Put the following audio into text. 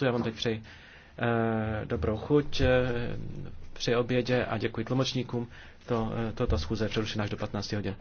otců. Já vám teď přeji eh, dobrou chuť eh, při obědě a děkuji tlumočníkům. To, eh, toto schůze je přerušená až do 15 hodin.